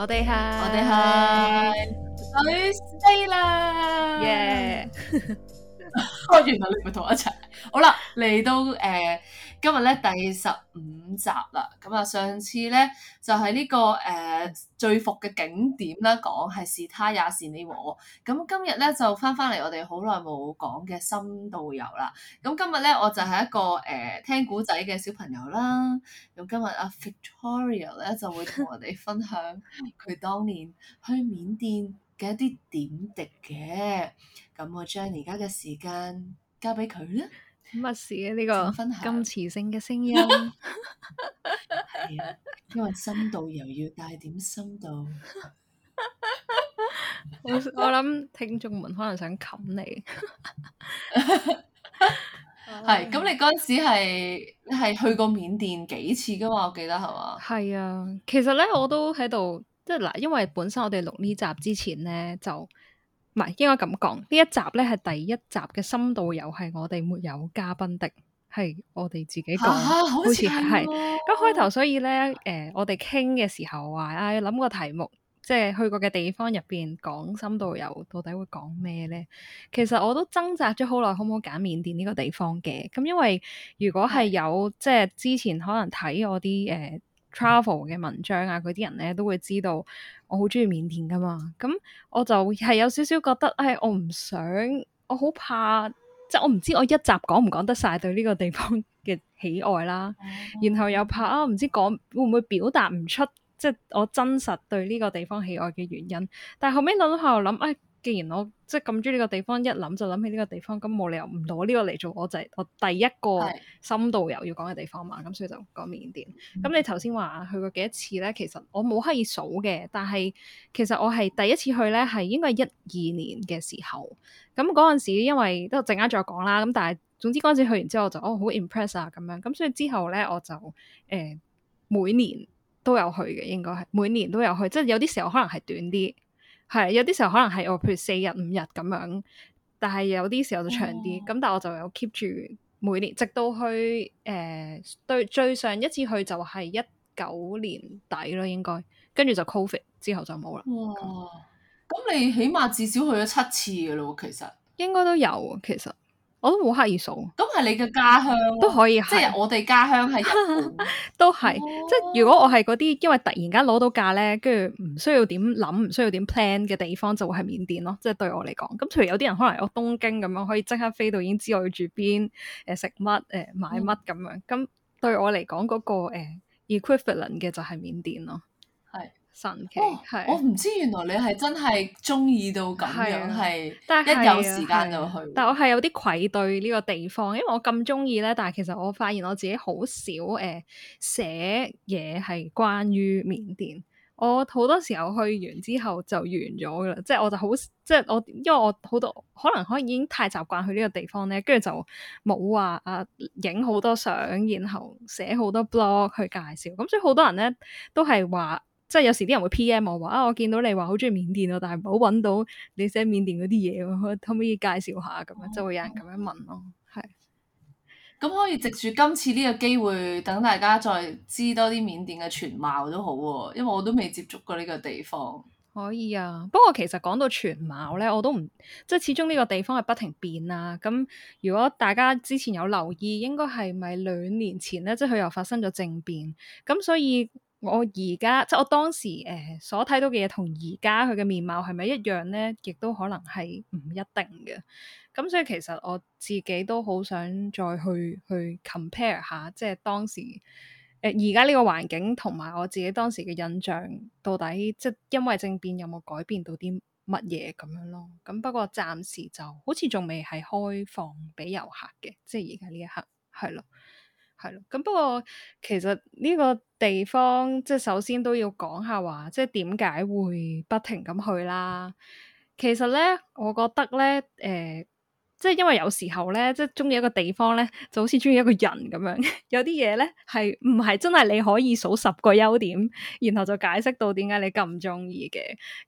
我哋係，我哋係女 C 啦，耶！哦，Yeah. 原來你唔係同我一齊。好啦，嚟到誒、呃，今日咧第十五集啦，咁啊上次咧就係、是、呢、這個誒、呃、最伏嘅景點啦，講係是他也是你和我。咁今日咧就翻翻嚟我哋好耐冇講嘅深度遊啦。咁今日咧我就係一個誒、呃、聽古仔嘅小朋友啦。咁今日阿、啊、Victoria 咧就會同我哋分享佢當年去緬甸嘅一啲點滴嘅。咁我將而家嘅時間交俾佢啦。乜事啊？呢、這個咁磁性嘅聲音，因為深度又要帶點深度，我諗聽眾們可能想冚你。 係、啊、咁，你嗰陣時係係去過緬甸幾次噶嘛？我記得係嘛？係啊，其實咧我都喺度，即係嗱，因為本身我哋錄呢集之前咧就。唔係應該咁講，呢一集咧係第一集嘅深度遊係我哋沒有嘉賓的，係我哋自己講、啊。好似係咁開頭，所以咧，誒、呃，我哋傾嘅時候話，啊，諗個題目，即係去過嘅地方入邊講深度遊，到底會講咩咧？其實我都掙扎咗好耐，可唔可以揀緬甸呢個地方嘅？咁因為如果係有，的即係之前可能睇我啲誒。呃 travel 嘅文章啊，嗰啲人咧都會知道我好中意緬甸㗎嘛。咁我就係有少少覺得，唉、哎，我唔想，我好怕，即係我唔知我一集講唔講得晒對呢個地方嘅喜愛啦，mm hmm. 然後又怕啊，唔知講會唔會表達唔出，即係我真實對呢個地方喜愛嘅原因，但係後尾我喺度諗，唉。既然我即係咁中意呢個地方，一諗就諗起呢個地方，咁冇理由唔攞呢個嚟做我，我就係我第一個深度遊要講嘅地方嘛。咁是所以就講緬甸。咁、嗯、你頭先話去過幾多次咧？其實我冇刻意數嘅，但係其實我係第一次去咧，係應該係一二年嘅時候。咁嗰陣時因為都陣間再講啦。咁但係總之嗰陣時去完之後，我就哦好 impress 啊咁樣。咁所以之後咧，我就誒、呃、每年都有去嘅，應該係每年都有去。即係有啲時候可能係短啲。係，有啲時候可能係我譬如四日五日咁樣，但係有啲時候就長啲。咁、哦、但係我就有 keep 住每年，直到去誒、呃、對最上一次去就係一九年底咯，應該跟住就 COVID 之後就冇啦。哇、哦！咁、嗯、你起碼至少去咗七次嘅咯，其實應該都有其實。我都冇刻意數，咁係你嘅家鄉都、啊、可以，即係我哋家鄉係 都係是，哦、即係如果我係嗰啲，因為突然間攞到假咧，跟住唔需要點諗，唔需要點 plan 嘅地方，就會係緬甸咯。即係對我嚟講，咁譬如有啲人可能去東京咁樣，可以即刻飛到已經知我要住邊，誒食乜，誒、呃、買乜咁樣。咁、嗯、對我嚟講，嗰、那個、呃、equivalent 嘅就係緬甸咯。神奇，哦、是我唔知原來你係真係中意到咁樣，係一有時間就去。但係我係有啲愧對呢個地方，因為我咁中意咧，但係其實我發現我自己好少誒、呃、寫嘢係關於緬甸。我好多時候去完之後就完咗噶啦，即、就、係、是、我就好，即、就、係、是、我因為我好多可能可能已經太習慣去呢個地方咧，跟住就冇話啊影好多相，然後寫好多 blog 去介紹。咁所以好多人咧都係話。即係有時啲人會 PM 我話啊，我見到你話好中意緬甸咯，但係唔好搵到你寫緬甸嗰啲嘢，可唔可以介紹下咁樣？嗯、就會有人咁樣問咯。係，咁可以藉住今次呢個機會，等大家再知多啲緬甸嘅全貌都好喎、啊。因為我都未接觸過呢個地方。可以啊，不過其實講到全貌咧，我都唔即係始終呢個地方係不停變啊。咁如果大家之前有留意，應該係咪兩年前咧，即係佢又發生咗政變，咁所以。我而家即係我當時誒、呃、所睇到嘅嘢，同而家佢嘅面貌係咪一樣呢？亦都可能係唔一定嘅。咁所以其實我自己都好想再去去 compare 下，即係當時誒而家呢個環境，同埋我自己當時嘅印象，到底即因為政變有冇改變到啲乜嘢咁樣咯？咁不過暫時就好似仲未係開放俾遊客嘅，即係而家呢一刻係咯。係咯，咁不過其實呢個地方即係首先都要講下話，即係點解會不停咁去啦？其實咧，我覺得咧，誒、呃，即係因為有時候咧，即係中意一個地方咧，就好似中意一個人咁樣。有啲嘢咧係唔係真係你可以數十個優點，然後就解釋到點解你咁唔中意嘅。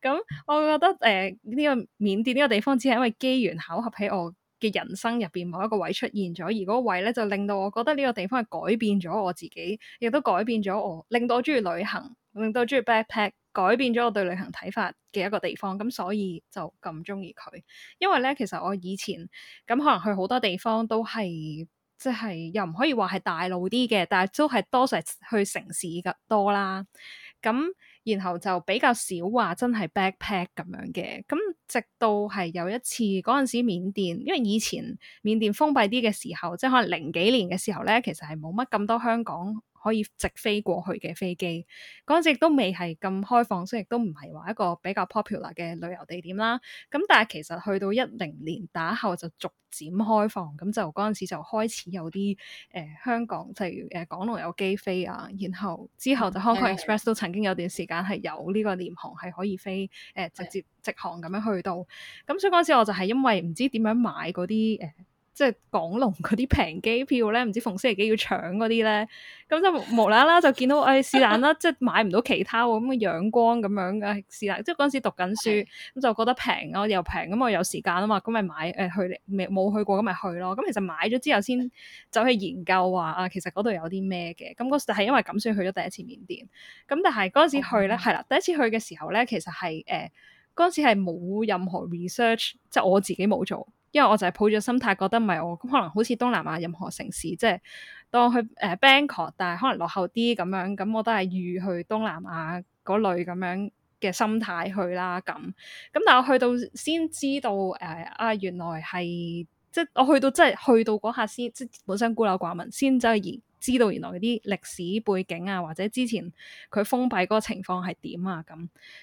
咁、嗯、我覺得誒，呢、呃，這個緬甸呢個地方只係因為機緣巧合喺我嘅人生入邊某一個位出現咗，而嗰個位咧，就令到我覺得呢個地方係改變咗我自己，亦都改變咗我，令到我中意旅行，令到我中意 backpack，改變咗我對旅行睇法嘅一個地方。咁所以就咁中意佢，因為咧，其實我以前咁可能去好多地方都係即係又唔可以話係大路啲嘅，但係都係多數係去城市嘅多啦。咁然後就比較少話真係 backpack 咁樣嘅，咁直到係有一次嗰陣時緬甸，因為以前緬甸封閉啲嘅時候，即係可能零幾年嘅時候呢，其實係冇乜咁多香港可以直飛過去嘅飛機，嗰陣時亦都未係咁開放，所以亦都唔係話一個比較 popular 嘅旅遊地點啦。咁但係其實去到一零年打後就逐漸開放，咁就嗰陣時就開始有啲誒、呃、香港，例如誒港龍有機飛啊，然後之後就香港 Express、嗯、都曾經有段時間係有呢個廉航係可以飛誒、呃、直接直航咁樣去到。咁是、嗯、所以嗰陣時我就係因為唔知點樣買嗰啲誒、呃即係港龍嗰啲平機票咧，唔知逢星期幾要搶嗰啲咧，咁就無啦啦就見到誒是但啦，即係買唔到其他咁嘅仰光咁樣嘅，是但，即係嗰陣時讀緊書，咁就覺得平咯，又平咁我有時間啊嘛，咁咪買誒、呃、去未冇去過咁咪去咯，咁其實買咗之後先走去研究話啊，其實嗰度有啲咩嘅，咁嗰時係因為咁先去咗第一次緬甸，咁但係嗰陣時去咧係啦，第一次去嘅時候咧其實係誒嗰陣時係冇任何 research，即係我自己冇做。因為我就係抱著心態覺得唔係我，咁可能好似東南亞任何城市，即係當我去誒、呃、Bangkok 但係可能落後啲咁樣，咁我都係預去東南亞嗰類咁樣嘅心態去啦，咁咁但係我去到先知道誒、呃、啊，原來係即係我去到即係去到嗰下先，即本身孤陋寡聞，先真係而知道原來啲歷史背景啊，或者之前佢封閉嗰個情況係點啊咁，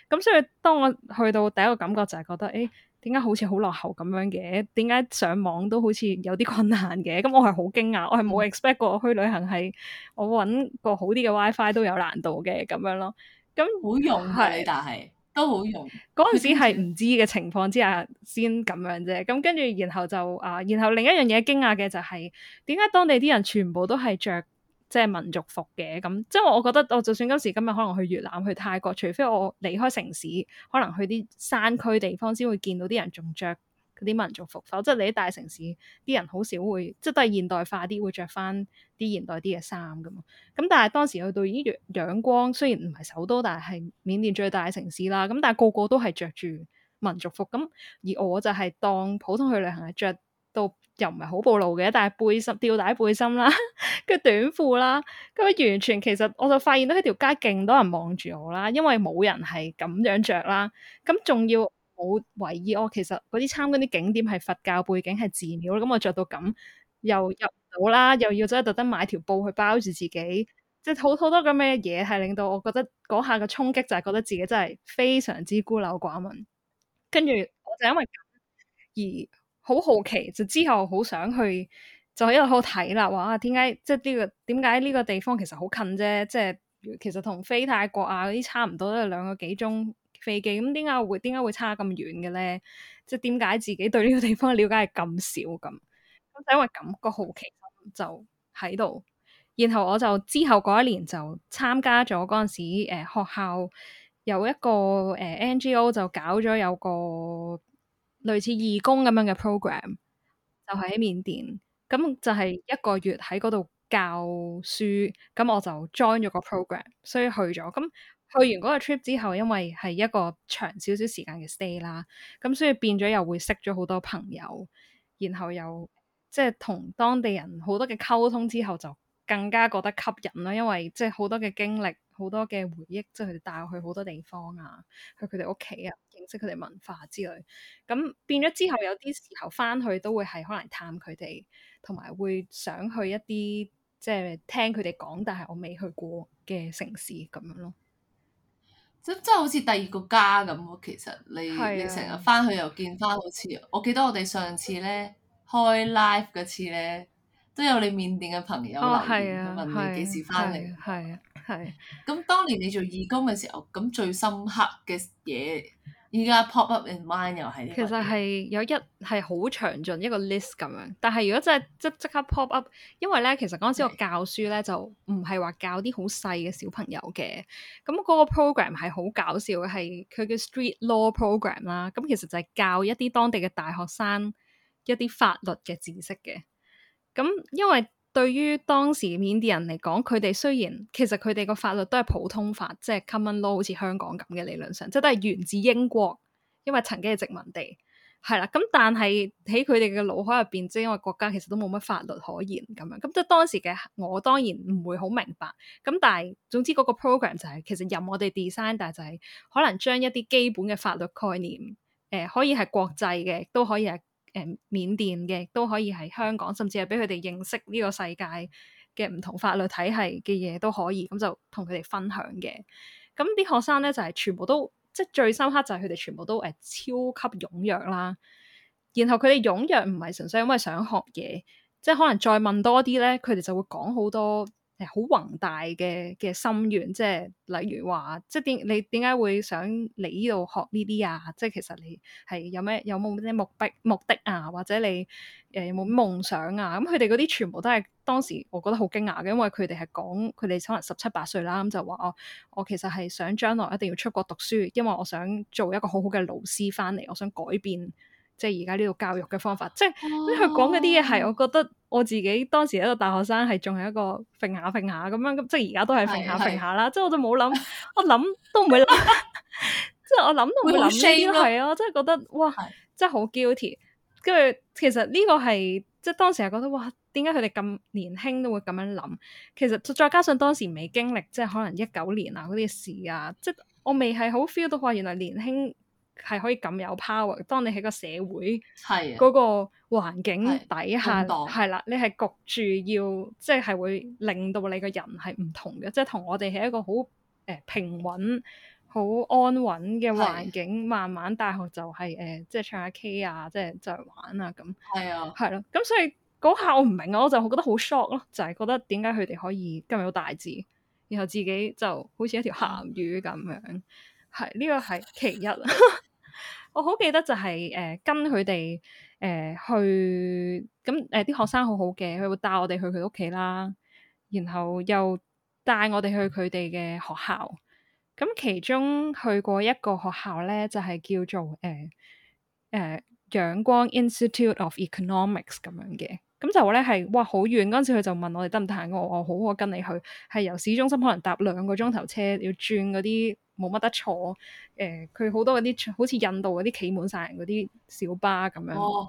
咁所以當我去到第一個感覺就係覺得誒。哎點解好似好落後咁樣嘅？點解上網都好似有啲困難嘅？咁我係好驚訝，嗯、我係冇 expect 過去旅行係我搵個好啲嘅 WiFi 都有難度嘅咁樣咯。咁好用係，但係都好用。嗰陣時係唔知嘅情況之下先咁 樣啫。咁跟住然後就啊，然後另一樣嘢驚訝嘅就係點解當地啲人全部都係着。即係民族服嘅咁，即係我覺得，我就算今時今日可能去越南、去泰國，除非我離開城市，可能去啲山區地方，先會見到啲人仲着嗰啲民族服。否則你喺大城市，啲人好少會，即係都係現代化啲，會着翻啲現代啲嘅衫噶嘛。咁但係當時去到呢月仰光，雖然唔係首都，但係緬甸最大嘅城市啦。咁但係個個都係着住民族服。咁而我就係當普通去旅行係着。到又唔係好暴露嘅，但係背心吊帶背心啦，跟住短褲啦，咁、嗯、完全其實我就發現到呢條街勁多人望住我啦，因為冇人係咁樣着啦，咁、嗯、仲要冇懷疑我，其實嗰啲參觀啲景點係佛教背景係寺廟啦，咁我着到咁又入唔到啦，又要走去特登買條布去包住自己，即係好好多咁嘅嘢，係令到我覺得嗰下嘅衝擊就係覺得自己真係非常之孤陋寡聞，跟住我就因為而。好好奇，就之後好想去，就喺度好睇啦。哇，點解即係、呢、呢個點解呢個地方其實好近啫？即係其實同飛泰國啊嗰啲差唔多，都係兩個幾鐘飛機。咁點解會點解會差咁遠嘅咧？即係點解自己對呢個地方了解係咁少咁？咁就因為咁個好奇心就喺度。然後我就之後嗰一年就參加咗嗰陣時誒、呃、學校有一個誒、呃、NGO 就搞咗有個。類似義工咁樣嘅 program，就係喺緬甸，咁就係一個月喺嗰度教書，咁我就 join 咗個 program，所以去咗。咁去完嗰個 trip 之後，因為係一個長少少時間嘅 stay 啦，咁所以變咗又會識咗好多朋友，然後又即係同當地人好多嘅溝通之後，就更加覺得吸引啦，因為即係好多嘅經歷。好多嘅回憶，即係佢哋帶我去好多地方啊，去佢哋屋企啊，認識佢哋文化之類。咁變咗之後，有啲時候翻去都會係可能探佢哋，同埋會想去一啲即係聽佢哋講，但係我未去過嘅城市咁樣咯。咁即係好似第二個家咁。其實你、啊、你成日翻去又見翻，好似我記得我哋上次咧開 live 嗰次咧，都有你緬甸嘅朋友留言問你幾時翻嚟？係、哦、啊。係，咁是當年你做義工嘅時候，咁最深刻嘅嘢，而家 pop up in mind 又係啲咩？其實係有一係好詳盡一個 list 咁樣，但係如果真係即即刻 pop up，因為咧其實嗰陣時我教書咧就唔係話教啲好細嘅小朋友嘅，咁嗰個 program 係好搞笑嘅，係佢叫 Street Law Program 啦，咁其實就係教一啲當地嘅大學生一啲法律嘅知識嘅，咁因為。對於當時緬甸人嚟講，佢哋雖然其實佢哋個法律都係普通法，即係 common law，好似香港咁嘅，理論上，即係都係源自英國，因為曾經係殖民地，係啦。咁但係喺佢哋嘅腦海入邊，即係因為國家其實都冇乜法律可言咁樣。咁即係當時嘅我當然唔會好明白。咁但係總之嗰個 program 就係其實任我哋 design，但係就係可能將一啲基本嘅法律概念，誒，可以係國際嘅，都可以係。誒，緬甸嘅都可以係香港，甚至係俾佢哋認識呢個世界嘅唔同法律體系嘅嘢，都可以，咁就同佢哋分享嘅。咁啲學生咧就係、是、全部都，即係最深刻就係佢哋全部都誒、欸、超級踴躍啦。然後佢哋踴躍唔係純粹因為想學嘢，即係可能再問多啲咧，佢哋就會講好多。好宏大嘅嘅心願，即係例如話，即係點你點解會想嚟呢度學呢啲啊？即係其實你係有咩有冇咩目的目的啊？或者你誒有冇夢想啊？咁佢哋嗰啲全部都係當時我覺得好驚訝嘅，因為佢哋係講佢哋可能十七八歲啦，咁就話哦，我其實係想將來一定要出國讀書，因為我想做一個好好嘅老師返嚟，我想改變。即係而家呢個教育嘅方法，即係佢講嗰啲嘢係，我覺得我自己當時一個大學生係仲係一個揈下揈下咁樣，即係而家都係揈下揈下啦。的即係我都冇諗， 我諗都唔會諗， 即係我諗都唔會諗。係啊， 我真係覺得哇，真係好 guilty。跟住其實呢個係即係當時係覺得哇，點解佢哋咁年輕都會咁樣諗？其實再加上當時未經歷，即係可能一九年啊嗰啲事啊，即係我未係好 feel 到話原來年輕。係可以咁有 power，當你喺個社會嗰個環境底下，係啦，你係焗住要，即係會令到你嘅人係唔同嘅，即係同我哋係一個好誒、呃、平穩、好安穩嘅環境。的慢慢大學就係、是、誒、呃，即係唱下 K 啊，即係就係玩啊咁。係啊的，係咯，咁所以嗰下我唔明啊，我就覺得好 shock 咯，就係覺得點解佢哋可以咁有大志，然後自己就好似一條鹹魚咁樣。係呢個係其一。 我好記得就係、是、誒、呃、跟佢哋誒去咁誒，啲學生好好嘅，佢會帶我哋去佢屋企啦，然後又帶我哋去佢哋嘅學校。咁其中去過一個學校咧，就係、是、叫做誒誒仰光 Institute of Economics 咁樣嘅。咁就咧係哇好遠，嗰陣時佢就問我哋得唔得閒，我我好我跟你去，係由市中心可能搭兩個鐘頭車，要轉嗰啲。冇乜得坐，誒、呃、佢好多嗰啲好似印度嗰啲企滿晒人嗰啲小巴咁樣，嗰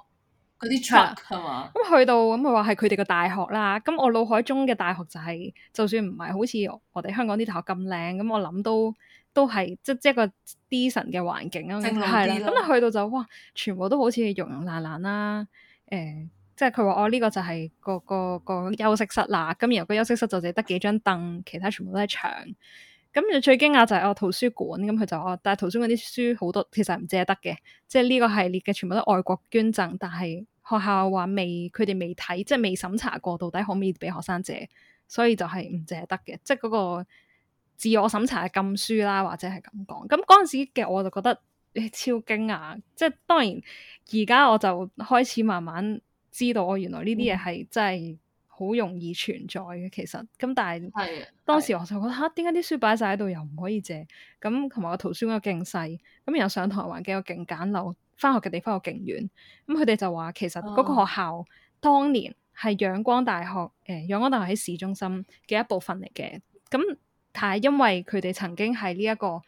啲、哦、truck 係嘛、嗯？咁嗎去到咁，佢話係佢哋個大學啦。咁、嗯、我腦海中嘅大學就係、是，就算唔係好似我哋香港啲大學咁靚，咁、嗯、我諗都都係即即一個 decent 嘅環境咯，係啦。咁你、嗯、去到就哇，全部都好似溶溶爛，爛爛啦，誒、嗯，即係佢話我呢個就係個個個休息室啦。咁然後個休息室就就得幾張凳，其他全部都係牆。咁就最驚訝就係我圖書館，咁佢就哦，但係圖書館啲書好多，其實係唔借得嘅。即係呢個系列嘅全部都係外國捐贈，但係學校話未，佢哋未睇，即係未審查過到底可唔可以俾學生借，所以就係唔借得嘅。嗯、即係嗰個自我審查嘅禁書啦，或者係咁講。咁嗰陣時嘅我就覺得、欸、超驚訝，即係當然而家我就開始慢慢知道，我原來呢啲嘢係真係、嗯。好容易存在嘅，其實咁，但係的當時我就覺得嚇，點解啲書擺晒喺度又唔可以借？咁同埋個圖書館又勁細，咁又上堂環境又勁簡陋，翻學嘅地方又勁遠。咁佢哋就話其實嗰個學校、哦、當年係仰光大學誒，仰、呃、光大學喺市中心嘅一部分嚟嘅。咁但係因為佢哋曾經係呢一個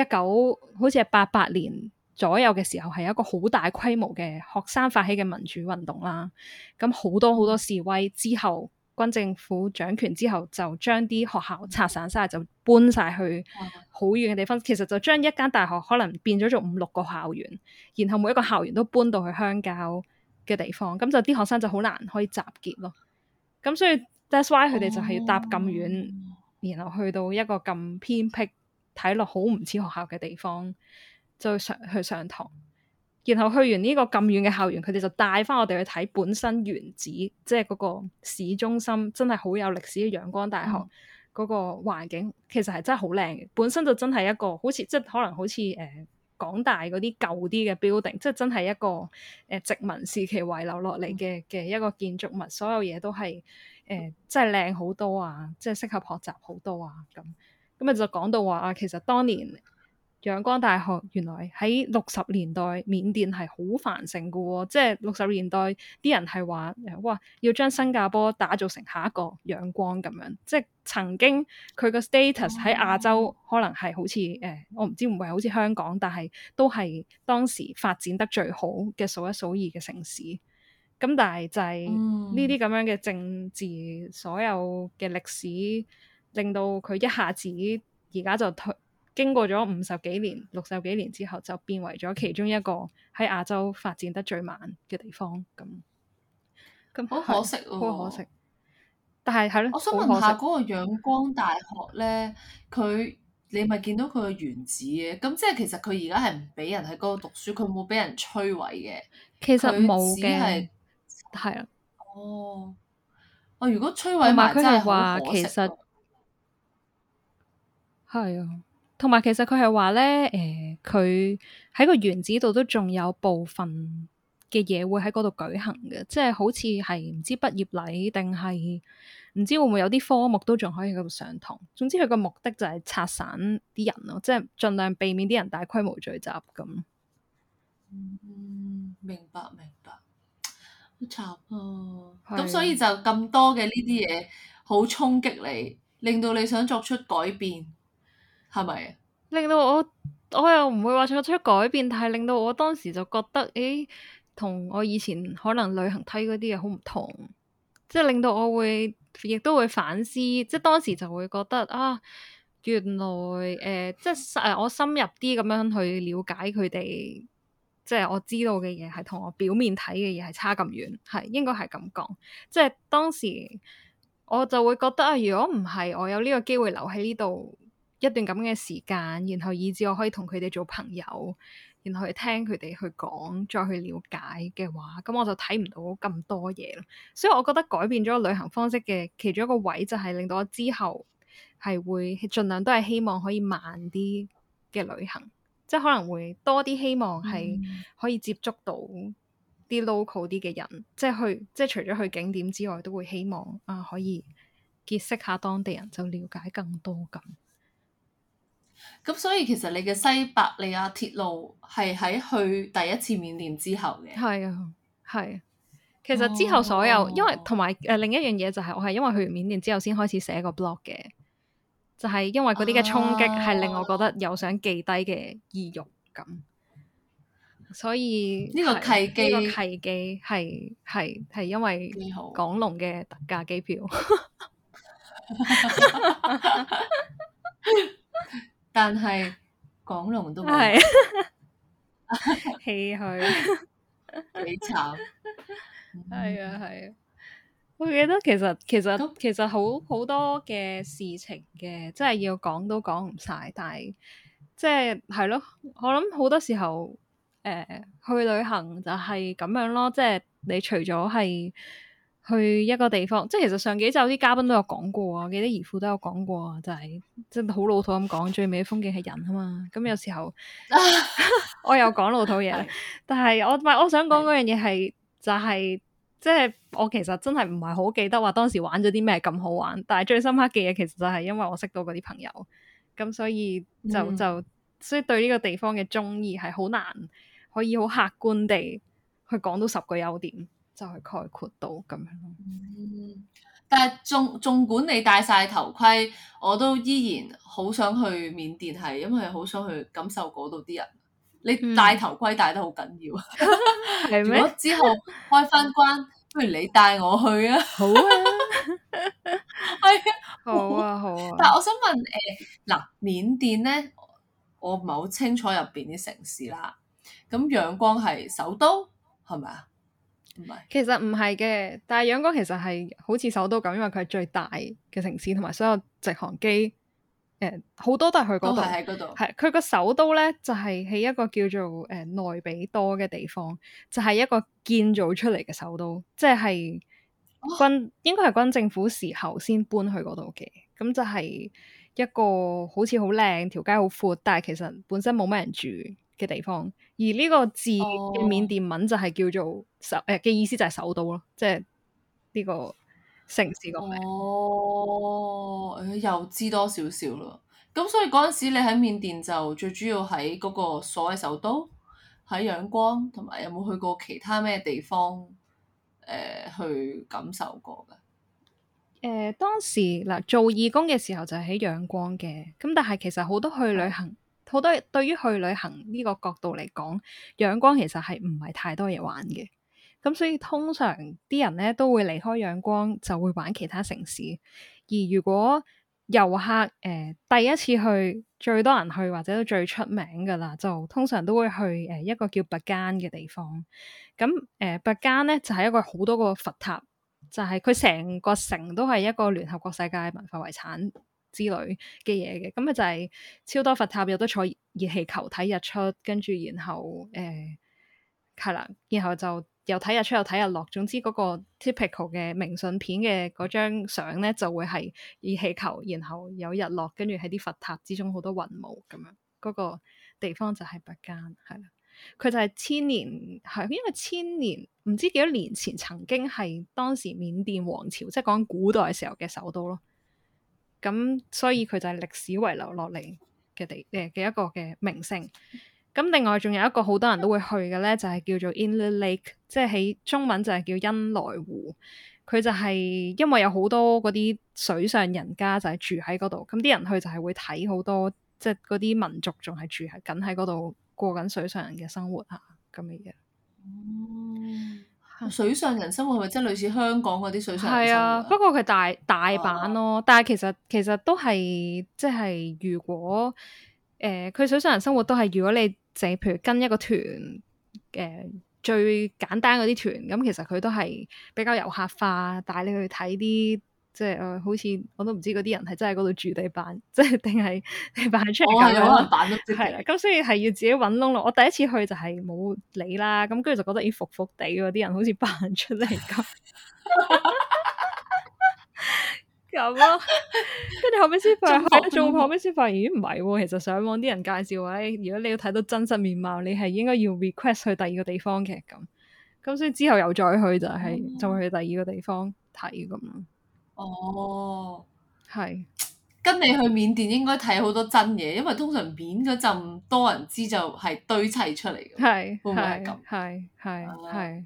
一九好似係八八年左右嘅時候係一個好大規模嘅學生發起嘅民主運動啦。咁好多好多示威之後，軍政府掌權之後就將啲學校拆散晒，就搬晒去好遠嘅地方。其實就將一間大學可能變咗做五六個校園，然後每一個校園都搬到去鄉郊嘅地方，咁就啲學生就好難可以集結咯。咁所以 that's why 佢哋、哦、就係要搭咁遠，然後去到一個咁偏僻、睇落好唔似學校嘅地方，都上去上堂，然後去完呢個咁遠嘅校園，佢哋就帶翻我哋去睇本身原址，即係嗰個市中心，真係好有歷史嘅。仰光大學嗰個環境其實係真係好靚嘅，本身就真係一個好似即係可能好似誒、呃、港大嗰啲舊啲嘅 building，即係真係一個誒、呃、殖民時期遺留落嚟嘅嘅一個建築物，所有嘢都係誒、呃、真係靚好多啊，即係適合學習好多啊咁。咁啊就講到話啊，其實當年。仰光大學原來喺六十年代，緬甸係好繁盛嘅喎、哦，即係六十年代啲人係話，誒哇，要將新加坡打造成下一個仰光咁樣，即係曾經佢個 status 喺亞洲可能係好似誒、oh. 欸，我唔知唔係好似香港，但係都係當時發展得最好嘅數一數二嘅城市。咁但係就係呢啲咁樣嘅政治所有嘅歷史，oh. 令到佢一下子而家就退。經過咗五十幾年、六十幾年之後，就變為咗其中一個喺亞洲發展得最慢嘅地方。咁咁好可惜喎，好可惜。但係係咯，我想問下嗰個仰光大學咧，佢你咪見到佢個原址嘅？咁即係其實佢而家係唔俾人喺嗰度讀書，佢冇俾人摧毀嘅。其實冇嘅，係啦的、哦。哦，我如果摧毀埋，真係好可惜。係啊。同埋，其實佢係話咧，誒、呃，佢喺個原子度都仲有部分嘅嘢會喺嗰度舉行嘅，即係好似係唔知畢業禮定係唔知會唔會有啲科目都仲可以喺嗰度上堂。總之佢個目的就係拆散啲人咯，即係盡量避免啲人大規模聚集咁、嗯。明白，明白，好慘啊！咁係所以就咁多嘅呢啲嘢好衝擊你，令到你想作出改變。係咪令到我，我又唔會話做出改變，但係令到我當時就覺得，誒，同我以前可能旅行睇嗰啲嘢好唔同，即係令到我會亦都會反思，即係當時就會覺得啊，原來誒，即係我深入啲咁樣去了解佢哋，即係我知道嘅嘢係同我表面睇嘅嘢係差咁遠，係應該係咁講。即係當時我就會覺得啊，如果唔係我有呢個機會留喺呢度，一段咁嘅時間，然後以至我可以同佢哋做朋友，然後去聽佢哋去講，再去了解嘅話，咁我就睇唔到咁多嘢咯。所以我覺得改變咗旅行方式嘅其中一個位就係令到我之後係會盡量都係希望可以慢啲嘅旅行，即係可能會多啲希望係可以接觸到啲 local 啲嘅人，嗯、即係去即係除咗去景點之外，都會希望啊可以結識下當地人，就了解更多咁。咁所以其實你嘅西伯利亞鐵路係喺去第一次緬甸之後嘅？係啊，係。其實之後所有，哦、因為同埋誒另一樣嘢就係我係因為去完緬甸之後先開始寫個 blog 嘅，就係、係、因為嗰啲嘅衝擊係令我覺得有想記低嘅意欲咁。所以呢個契機，呢個、契機係係係因為港龍嘅特價機票。 但係港龍都係唏噓，幾慘。係啊係啊，我記得其實其實其實好好多嘅事情嘅，即係要講都講唔晒。但係即係係咯，我諗好多時候誒、呃、去旅行就係咁樣咯。即係你除咗係。去一個地方，即係其實上幾集啲嘉賓都有講過啊，我記得姨父都有講過，就係真係好老土咁講，最美風景係人啊嘛。咁有時候 我又講老土嘢， 但係我唔係我想講嗰樣嘢係就係即係我其實真係唔係好記得話當時玩咗啲咩咁好玩，但係最深刻嘅嘢其實就係因為我識到嗰啲朋友，咁所以就、嗯、就所以對呢個地方嘅中意係好難可以好客觀地去講到十個優點。就係概括到咁樣咯。嗯，但係縱縱管你戴晒頭盔，我都依然好想去緬甸，係因為好想去感受嗰度啲人。你戴頭盔戴得好緊要啊！係 咩 嗎？如果之後開翻關， 不如你帶我去啊！好啊，係啊，好啊，好啊。 但係我想問誒嗱、呃，緬甸咧，我唔係好清楚入邊啲城市啦。咁仰光係首都係咪啊？其實唔係嘅，但係仰光其實係好似首都咁，因為佢係最大嘅城市，同埋所有直航機，誒、呃、好多都係去嗰度。係喺嗰度，係佢個首都咧，就係、是、喺一個叫做誒奈、呃、比多嘅地方，就係、是、一個建造出嚟嘅首都，即、就、係、是、軍、哦、應該係軍政府時候先搬去嗰度嘅，咁就係一個好似好靚，條街好闊，但係其實本身冇咩人住嘅地方，而呢個字嘅噢緬甸文就係叫做首，誒、呃、嘅意思就係首都咯，即係呢個城市個名。哦，又知多少少咯。咁所以嗰陣時，你喺緬甸就最主要喺嗰個所謂首都喺仰光，同埋有冇去過其他咩地方誒、呃、去感受過嘅？誒、呃、當時嗱、呃、做義工嘅時候就係喺仰光嘅，咁但係其實好多去旅行。好多對於去旅行呢個角度嚟講，仰光其實係唔係太多嘢玩嘅，咁所以通常啲人咧都會離開仰光就會玩其他城市。而如果遊客誒、呃、第一次去最多人去或者都最出名㗎喇，就通常都會去誒、呃、一個叫蒲甘嘅地方。咁誒蒲甘咧就係、是、一個好多個佛塔，就係佢成個城都係一個聯合國世界文化遺產，之類嘅嘢嘅，咁啊就係超多佛塔，又得坐熱氣球睇日出，跟住然後誒係啦，然後就又睇日出又睇日落，總之嗰個 typical 嘅明信片嘅嗰張相咧，就會係熱氣球，然後有日落，跟住喺啲佛塔之中好多雲霧咁樣，嗰個地方就係蒲甘，係啦，佢就係千年，係因為千年唔知幾多年前曾經係當時緬甸王朝，即係講古代時候嘅首都咯。咁所以佢就係歷史遺留落嚟嘅地嘅嘅一個嘅名勝。咁另外仲有一個好多人都會去嘅咧，就係叫做 Inle Lake，即係喺中文就係叫恩來湖。佢就係因為有好多嗰啲水上人家就係住喺嗰度，咁啲人去就係會睇好多即係嗰啲民族仲係住喺緊喺嗰度過緊水上人嘅生活嚇咁嘅嘢。水上人生活係咪即係類似香港嗰啲水上生活？係啊，不過佢大大版咯，啊、但係其實其實都係即係如果誒，佢、呃、水上人生活都係如果你淨係譬如跟一個團誒、呃，最簡單嗰啲團，咁其實佢都係比較遊客化，帶你去睇啲。即係誒、呃，好似我都唔知嗰啲人係真係嗰度住地板，即係定係扮出嚟噶？我有搵板咯，係、嗯、啦，咁、嗯、所以係、嗯、要自己搵窿咯。我第一次去就係冇理啦，咁跟住就覺得咦，服服地喎，啲人好似扮出嚟咁。咁啊，跟住後尾先發現，後尾先發現，咦唔係？其實上網啲人介紹話、哎，如果你要睇到真實面貌，你係應該要 request 去第二個地方嘅咁。咁、嗯、所以之後又再去就係就去第二個地方睇咁哦，係是，跟你去緬甸應該睇好多真嘢，因為通常緬嗰陣多人知就係堆砌出嚟嘅，會唔會係咁？係係係，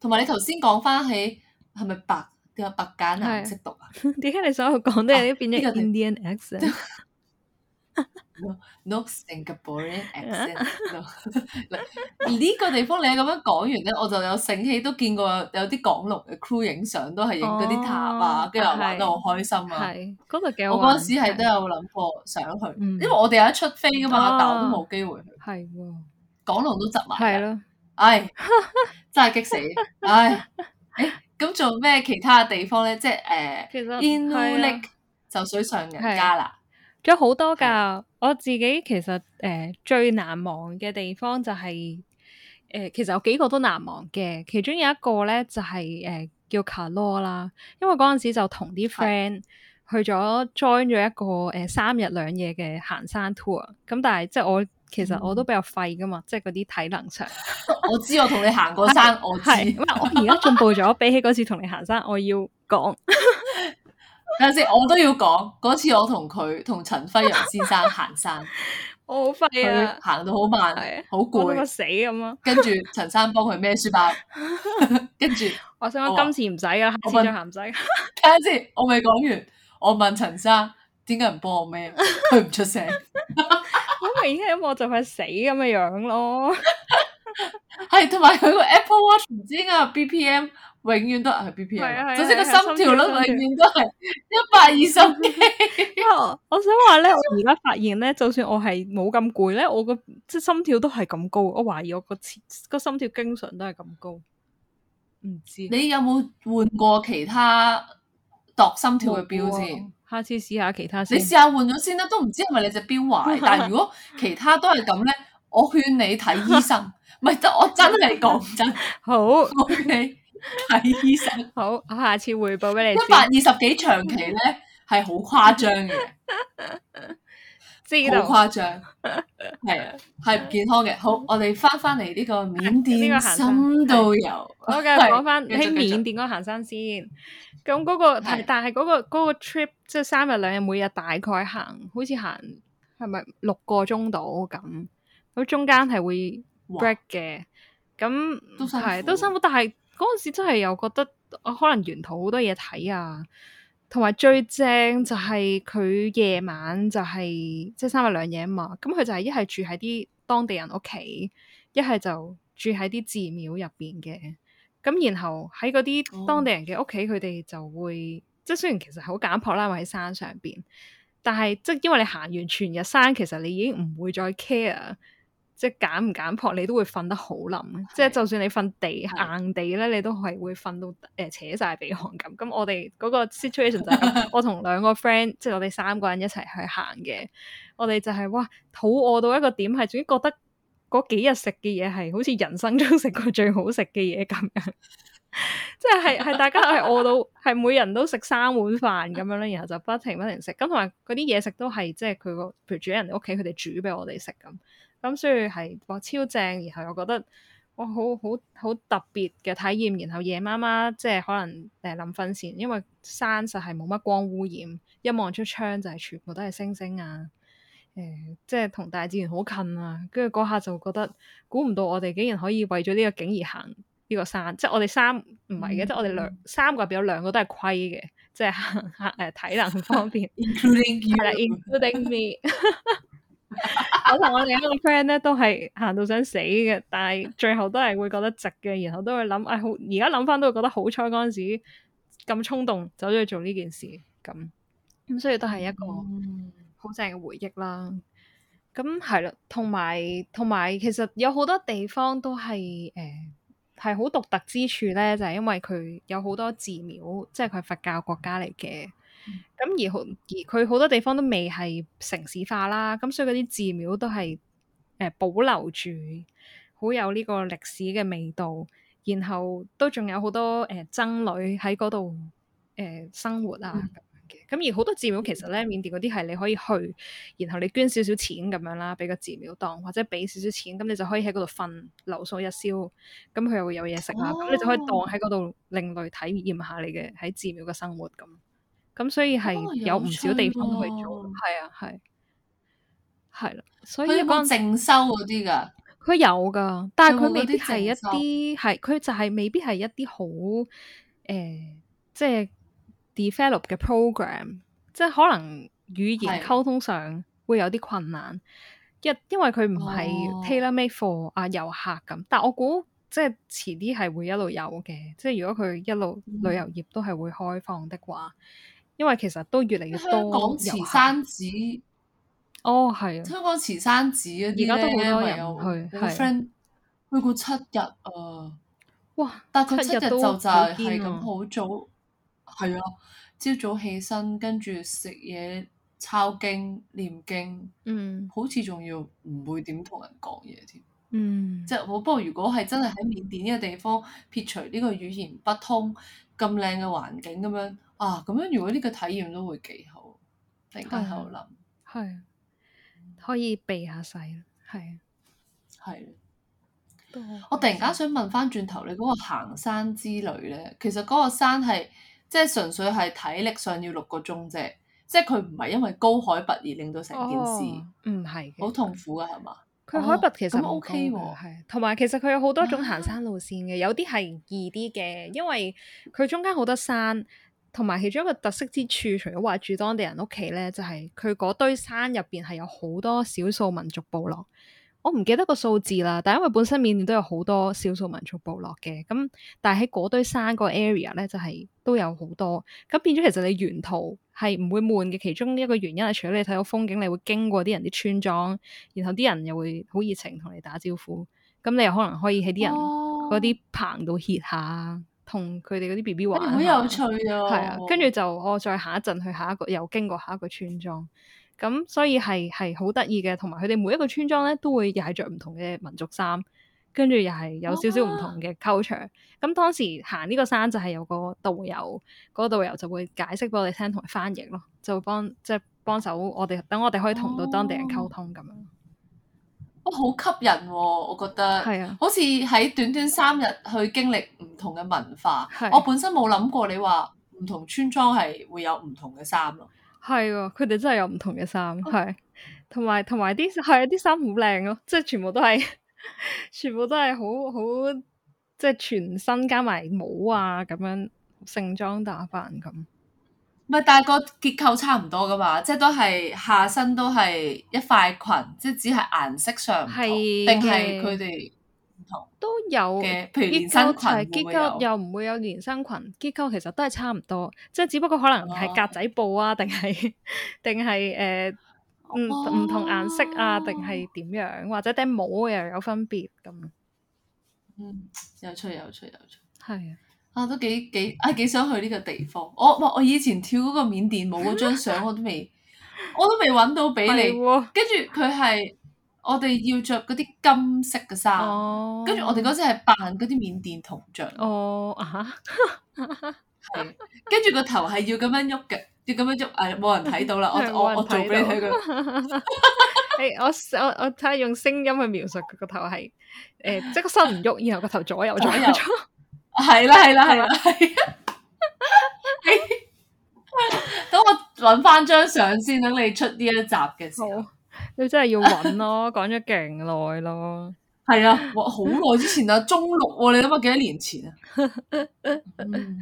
同埋、嗯、是你頭先講翻起係咪白定係白簡唔識讀是 啊？點解你所有講都係變咗 Indian accent no Singaporean accent，嚟呢個地方你咁樣講完咧，我就有醒起都見過有啲港龍嘅 crew 影相，都係影到啲塔啊，跟住又玩得好開心啊。係，嗰個幾好。我嗰陣時係都有諗過想去，因為我哋有得出飛噶嘛，但係我都冇機會去。係，港龍都執埋。係咯，唉，真係激死，唉，誒，咁做咩其他嘅地方咧？即係誒，Inle Lake 就水上人家啦。咗好多噶，的我自己其實誒、呃、最難忘嘅地方就係、是、誒、呃，其實有幾個都難忘嘅，其中有一個咧就係、是、誒、呃、叫 Kalaw 啦，因為嗰陣時就同啲 friend 去咗的 join 咗一個誒、呃、三日兩夜嘅行山 tour，咁但係即係我其實我都比較廢噶嘛，嗯、即係嗰啲體能上， 我知我同你行過山， 的我知，我而家進步咗， 比起嗰次同你行山，我要講。 等下先，我都要講嗰次我同佢同陳輝陽先生行山， 我好廢啊，行到好慢，好攰，死咁啊！跟住陳生幫佢孭書包， 跟住着 我想講說今次唔使啊，下次再行唔使。 等下先，我未講完，我問陳生點解唔幫我孭，佢唔 出聲，好 明顯啊！我就快死咁嘅樣咯，係同埋佢個 Apple Watch 唔知點解 BPM 永遠都係 B P，總之個心跳率，永遠都係一百二十幾。因為我想話咧，我而家發現咧，就算我係冇咁攰咧，我個即係心跳都係咁高，我懷疑我個個心跳經常都係咁高。唔知你有冇換過其他度心跳嘅表先？下次試下其他先，你試下換咗先啦。都唔知係咪你隻表壞？但係如果其他都係咁咧，我勸你睇醫生。唔係，我真係講真，好，我勸你。睇醫生好，我下次匯報俾你。一百二十幾長期咧係好誇張嘅， 知道？好誇張，係啊， 係唔健康嘅。好，我哋翻翻嚟呢個緬甸呢深度遊，我繼續講翻喺緬甸嗰行山先。咁、嗯、嗰、嗯嗯嗰個但係嗰、嗰個、嗰個 trip 即係三日兩日，每日大概行，好似行係咪六個鐘度咁？咁中間係會 break 嘅，咁係都辛苦，但係。還嗰陣時真係又覺得，我可能沿途好多嘢睇啊，同埋最正就係佢夜晚就係，即係三日兩夜啊嘛，咁佢就係一係住喺啲當地人屋企，一係就住喺啲寺廟入邊嘅，咁然後喺嗰啲當地人嘅屋企，佢哋、哦、就會即雖然其實好簡樸啦，或喺山上邊，但係即因為你行完全日山，其實你已經唔會再 care。即係簡唔簡樸，你都會瞓得好冧。是即係就算你瞓地、是硬地咧，你都係會瞓、呃、到誒扯晒鼻鼾咁。咁我哋嗰個 situation 就係我同兩個 friend，即係我哋三個人一齊去行嘅。我哋就係、是、哇，肚餓到一個點，係總之覺得嗰幾日食嘅嘢係好似人生中食過最好食嘅嘢咁樣。即係係係大家係餓到係每人都食三碗飯咁樣咧，然後就不停不停、不停、嗯、食。咁同埋嗰啲嘢食都係即係佢個，譬如住喺人哋屋企，佢哋煮俾我哋食咁。咁、嗯、所以係哇，超正，然後我覺得我好好好特別嘅體驗，然後夜媽媽即係可能誒臨瞓前，因為山實係冇乜光污染，一望出窗就係、是、全部都係星星啊，誒、呃、即係同大自然好近啊，跟住嗰下就覺得估唔到我哋竟然可以為咗呢個景而行呢、這個山，即係我哋三唔係嘅，即係我哋兩三個入邊有兩個都係虧嘅，即係誒體能方面 including you，i n c l u d i n g me。 我同我另一個 friend 咧，都係行到想死嘅，但係最後都係會覺得值嘅，然後都會諗，哎，好，而家諗翻都會覺得好彩嗰陣時咁衝動走咗去做呢件事，咁咁、嗯、所以都係一個好正嘅回憶啦。咁係啦，同埋同埋，其實有好多地方都係誒係好獨特之處咧，就係、是、因為佢有好多寺廟，即係佢係佛教國家嚟嘅。嗯咁、嗯、而好而佢好多地方都未係城市化啦，咁所以嗰啲寺廟都係誒、呃、保留住好有呢個歷史嘅味道，然後都仲有好多誒、呃、僧侶喺嗰度誒生活啊。咁、嗯、而好多寺廟其實咧，緬甸嗰啲係你可以去，嗯、然後你捐少少錢咁樣啦，俾個寺廟當或者俾少少錢，咁你就可以喺嗰度瞓留宿一宵，咁佢又會有嘢食啦。咁、哦、你就可以當喺嗰度另類體驗下你嘅喺寺廟嘅生活咁。咁、嗯、所以係有唔少地方去做，係、哦、啊，係、啊，係啦、啊。所以佢有整修嗰啲㗎，佢有㗎，但係佢未必係一啲係佢就係未必係一啲好誒，即係 develop 嘅 program，即係可能語言溝通上會有啲困難。因、啊、因為佢唔係 tailor made for、哦、啊遊客咁，但我估即係遲啲係會一路有嘅，即係如果佢一路、嗯、旅遊業都係會開放的話。因為其實都越嚟越多。香港慈山寺，哦係。香港慈山寺嗰啲咧，而家都好多朋友去，我 friend 去過七日，啊。哇！但係佢七日，嗯、就就係係咁好早，係啊、哦，朝早起身跟住食嘢、抄經、念經，嗯，好似仲要唔會點同人講嘢添，嗯，即係我不過如，如果係真係喺緬甸呢個地方，撇除呢個語言不通，咁靚嘅環境咁樣。啊，咁樣如果呢個體驗都會幾好，突然間喺度諗，係啊，可以避下世細，係係。的嗯、我突然間想問翻轉頭，你嗰個行山之旅咧，其實嗰個山係即係純粹係體力上要六個鐘啫，即係佢唔係因為高海拔而令到成件事，哦，唔係好痛苦噶係嘛？佢海拔其實 OK 喎，係同埋其實佢有好多種行山路線嘅，有啲係易啲嘅，因為佢中間好多山。同埋其中一個特色之處，除咗話住當地人屋企咧，就係佢嗰堆山入邊係有好多少數民族部落。我唔記得個數字啦，但因為本身緬甸都有好多少數民族部落嘅，咁但係喺嗰堆山個 area 咧，就係、是、都有好多。咁變咗其實你沿途係唔會悶嘅。其中一個原因係，除咗你睇到風景，你會經過啲人啲村莊，然後啲人又會好熱情同你打招呼。咁你又可能可以喺啲人嗰啲棚度歇下。哦同佢哋嗰啲 BB 玩，好有趣啊！係啊，跟住就我再下一陣去下一個，又經過下一個村莊咁，所以係係好得意嘅。同埋佢哋每一個村莊咧都會又係着唔同嘅民族衫，跟住又係有少少唔同嘅 culture。咁當時行呢個山就係有個導遊，嗰、那個導遊就會解釋俾我哋聽，同埋翻譯咯，就幫即係、就是、幫手我哋等我哋可以同到當地人溝通咁樣。哦都好、哦、吸引喎、哦，我覺得，係啊，好似喺短短三日去經歷唔同嘅文化，啊、我本身冇諗過你話唔同村莊係會有唔同嘅衫咯，係啊，佢哋真係有唔同嘅衫，係、哦，同埋同埋啲係啊啲衫好靚咯，即係全部都係，全部都係好好，即係全身加埋帽啊咁樣盛裝打扮咁。唔係，但係個結構差唔多噶嘛，即係都係下身都係一塊裙，即係只係顏色上唔同，定係佢哋唔同，都有嘅。譬如連身裙會唔會有？結構又唔會，會有連身裙，結構其實都係差唔多，即係只不過可能係格仔布啊，定係定係誒，唔唔同顏色啊，定係點樣，或者頂帽又有分別咁。嗯，有趣，有趣，有趣。係啊。啊，都幾幾啊，幾想去呢個地方。我，我以前跳嗰個緬甸舞嗰張相，我都未，我都未搵到俾你。跟住佢係，我哋要着嗰啲金色嘅衫。哦。跟住我哋嗰時係扮嗰啲緬甸銅像。哦。啊。係。 跟住個頭係要咁樣喐嘅，要咁樣喐。誒、啊，冇人睇到啦。我 是我 我做俾你睇佢。係，我我我睇下用聲音去描述佢個頭係，誒、呃，即係個身唔喐，然後個頭左右左右。左右 係啦，係啦，係啦，係的是的、 哎。等我揾翻張相先，等你出呢一集嘅時候，你真係要揾咯，講咗勁耐咯。係啊，好耐之前啊，中六、哦，你諗下幾多年前啊。係、 嗯，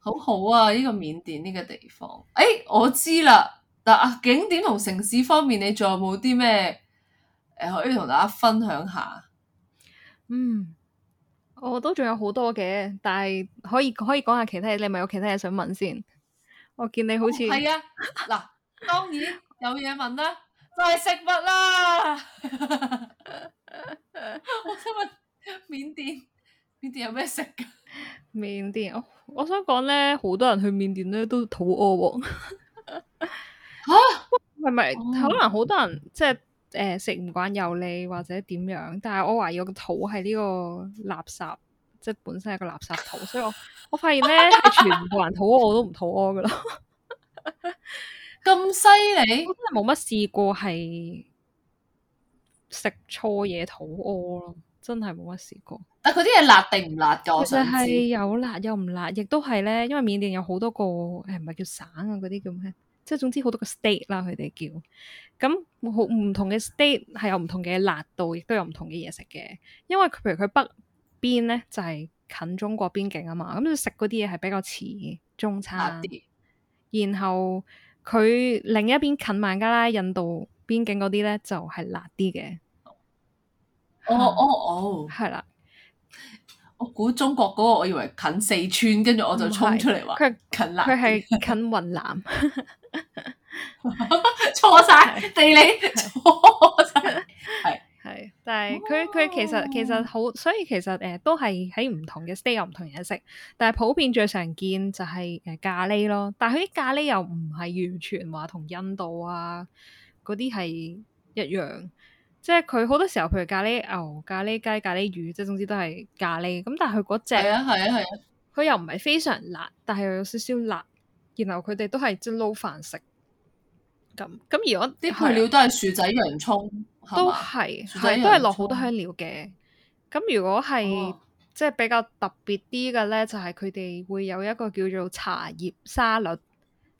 好好啊！呢、這個緬甸呢個地方，誒、哎，我知啦。嗱，景點同城市方面，你仲有冇啲咩誒可以同大家分享下？嗯。我、哦、都仲有好多嘅，但係可以可以講下其他嘢，你咪有其他嘢想問先？我見你好似係、哦、啊，嗱， 當然有嘢問啦，就係食物啦。 我想問緬甸，緬甸有咩食嘅？緬甸，我想講咧，好多人去緬甸咧都肚屙喎。吓、 啊？唔係唔係，可能好多人即係。就是誒，食唔慣油膩或者點樣？但係我懷疑我個肚係呢個垃圾，嗯、即係本身係一個垃圾肚，所以我我發現咧，係 全部人肚屙我都唔肚屙噶啦，咁犀利！真係冇乜試過係食錯嘢肚屙咯，真係冇乜試過。但佢啲嘢，辣定唔辣噶？其實係有辣又唔辣，亦都係咧，因為緬甸有好多個誒，欸、唔係叫省啊，嗰啲叫咩？即係總之好多個 state 啦，佢哋叫咁好唔同嘅 state 係有唔同嘅辣度，亦都有唔同嘅嘢食嘅。因為佢譬如佢北邊咧就係、是、近中國邊境啊嘛，咁食嗰啲嘢係比較似中餐啲。然後佢另一邊近孟加拉印度邊境嗰啲咧就係、是、辣啲嘅。哦哦哦，係啦，我估中國嗰個，我以為近四川，跟住我就衝出嚟話佢近辣，佢係近雲南。 錯，晒地理錯晒。係係，但係佢佢其實其實好，所以其實誒都係喺唔同嘅 stay 有唔同嘢食，但係普遍最常見就係誒咖喱咯。但係佢啲咖，咖喱又唔係完全話同印度啊嗰啲係一樣，即係佢好多時候譬如咖喱牛、咖喱雞、咖喱魚，即係總之都係咖喱。咁但係佢嗰隻係啊係啊係啊，佢又唔係非常辣，但係又有少少辣。 然後佢哋都係即係撈飯食，咁咁如果啲是配料都係薯仔洋葱，吧都係是，係都係落好多香料嘅。咁如果係、哦、即係比較特別啲嘅咧，就係佢哋會有一個叫做茶葉沙律，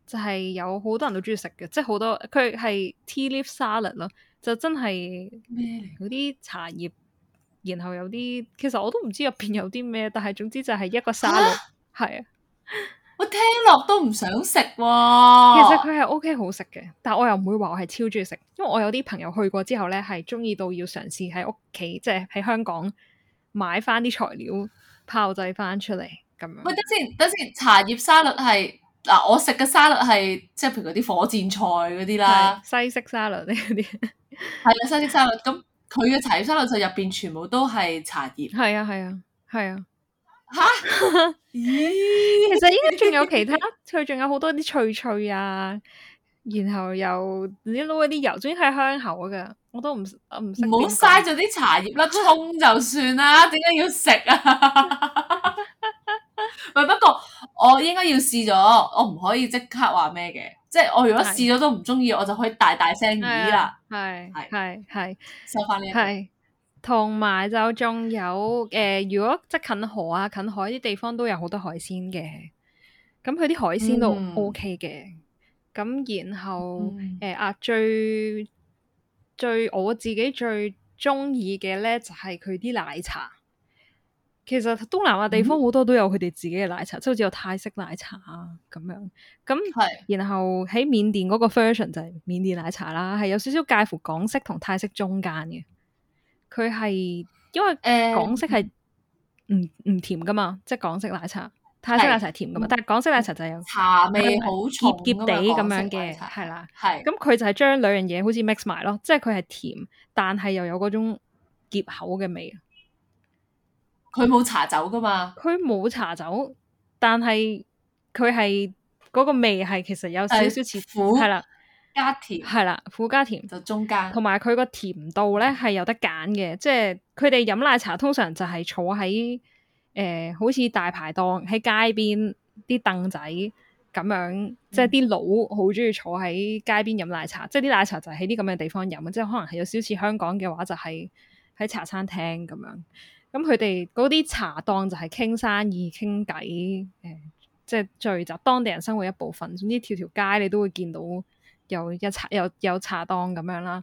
就係、是、有好多人都中意食嘅，即係好多佢係 tea leaf salad 咯，就，是、ad, 就真係咩嗰啲茶葉，麼然後有啲其實我都唔知入邊有啲咩，但係總之就係一個沙律，係啊。是的 我聽落都唔想食喎，哦，其實佢係 O K 好食嘅，但係我又唔會話我係超中意食，因為我有啲朋友去過之後咧，係中意到要嘗試喺屋企，即係喺香港買翻啲材料炮製翻出嚟咁樣。喂，等先，等先，茶葉沙律係嗱，啊，我食嘅沙律係即係譬如啲火箭菜嗰啲啦，西式沙律啲嗰啲，係 啊西式沙律，咁佢嘅茶葉沙律就入邊全部都係茶葉，係啊係啊係啊。吓咦！哈其實應該仲有其他，佢仲 有好多啲脆脆啊，然後又你撈一啲油，總之係香口噶。我都唔唔唔好嘥咗啲茶葉啦，沖 就算啦，點解要食啊？ 喂，不過我應該要試咗，我唔可以即刻話咩嘅，即係我如果試咗都唔中意的我就可以大大聲咦啦，係係係，收翻你。同埋就仲有誒、呃，如果即近河啊、近海啲地方都有好多海鮮嘅，咁佢啲海鮮都 OK 嘅。咁、嗯、然後誒、嗯呃、啊，最最我自己最中意嘅咧，就係佢啲奶茶。其實東南亞地方好多都有佢哋自己嘅奶茶，即係、嗯、好似有泰式奶茶啊咁樣，咁，是然後喺緬甸嗰個 version 就係緬甸奶茶啦，係有少少介乎港式同泰式中間嘅。佢係因為港式係唔唔甜噶嘛，即係港式奶茶，泰式奶茶甜噶嘛，是但係港式奶茶就係有茶味好澀澀地咁樣嘅，係啦、嗯，係咁佢就係將兩樣嘢好似 mix 埋咯，即係佢係甜，但係又有嗰種澀口嘅味。佢冇茶走噶嘛。佢冇茶走，但係佢係嗰個味係其實有少少似苦，係啦。加甜係啦，副加甜就中間，同埋佢個甜度咧係有得揀嘅，即係佢哋飲奶茶通常就係坐喺誒、呃，好似大排檔喺街邊啲凳仔咁樣，嗯、即係啲佬好中意坐喺街邊飲奶茶，即係啲奶茶就喺啲咁嘅地方飲，即係可能係有少少似香港嘅話就，就係喺茶餐廳咁樣，咁佢哋嗰啲茶檔就係傾生意、傾偈，誒、呃，即係聚集當地人生活一部分，總之條條街你都會見到。有，一有茶，有有茶檔咁樣啦。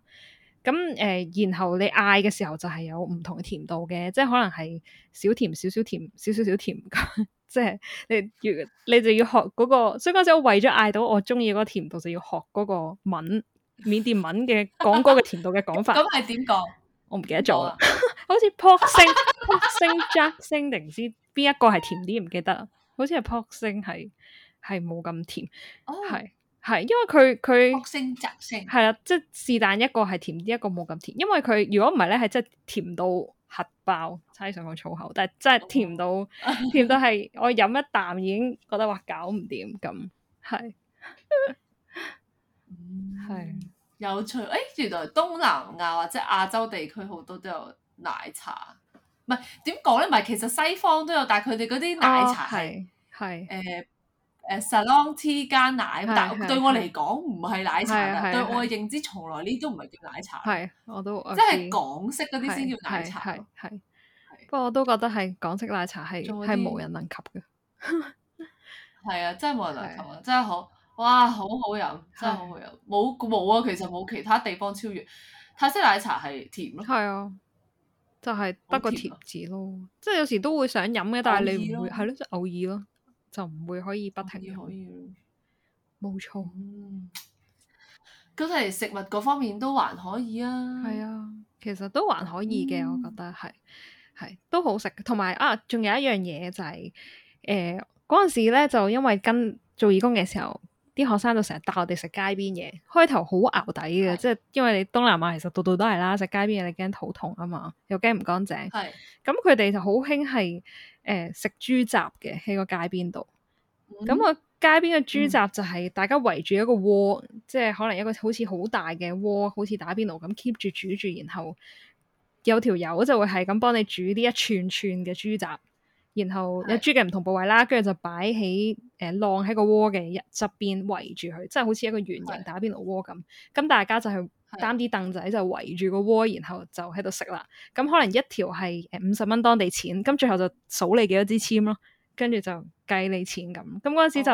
咁誒、呃，然後你嗌嘅時候就係有唔同嘅甜度嘅，即係可能係少甜少少甜少少少甜噶。即係你要，你就要學嗰、那個。所以嗰時我為咗嗌到我中意嗰個甜度，就要學嗰個文緬甸文嘅講嗰個甜度嘅講法。咁係點講？我唔記得咗。好似 Pork Sing, Pork Sing, Jack Sing，定唔知邊一個係甜啲？唔記得。好似係 Pork Sing 係係冇咁甜。係、oh.。係，因為佢佢係啦，即是是但一個係甜啲，一個冇咁甜。因為佢如果唔係咧，係真係甜到核爆，猜上個粗口，但係真係甜到、哦、甜到係，我飲一啖已經覺得話搞唔掂咁。係，係有趣。誒、欸，原來東南亞或者亞洲地區好多都有奶茶。唔係，點講咧？唔係，其實西方都有，但係佢哋嗰啲奶茶係係誒。哦誒、uh, salon tea 加奶， 但對我嚟講唔係奶茶 啊！對我嘅認知， 啊、從來呢都唔係叫奶茶。係、 啊，我都、ok、即係港式嗰啲先叫奶茶。係，係 不過我都覺得係港式奶茶係係無人能及嘅。係 啊，真係冇人能及 啊！真係好哇，好好飲，真係好好飲。冇冇啊，其實冇其他地方超越泰式奶茶係甜咯。係啊，就係、係、得個甜字咯。啊、即係有時都會想飲嘅，但係你唔會係咯，即係偶爾咯。就唔會可以不停。可以，可以，冇錯。咁誒，食物嗰方面都還可以啊。係啊，其實都還可以嘅，嗯、我覺得係，係都好食。同埋啊，仲有一樣嘢就係、是，誒嗰陣時咧，就因為跟做義工嘅時候，啲學生就成日帶我哋食街邊嘢。開頭好淆底嘅，即係是因為你東南亞其實度度都係啦，食街邊嘢你驚肚痛啊嘛，又驚唔乾淨。係是。咁佢哋就好興係。誒，食、呃、豬雜嘅，喺個街邊度，咁個、嗯、街邊嘅豬雜就係大家圍住一個鍋，嗯、即係可能一個好似好大嘅鍋，好似打邊爐咁 keep 住煮住，然後有條友就會係咁幫你煮啲一串串嘅豬雜，然後有豬嘅唔同部位啦，跟住的就擺起誒晾喺個鍋嘅一側邊圍住佢，即係好似一個圓形打邊爐鍋咁。咁的大家就係、是。擔啲凳仔就圍住個鍋，然後就喺度食啦。咁可能一條係誒五十蚊當地錢，咁最後就數你幾多支籤咯，跟住就計你錢咁。咁嗰陣時就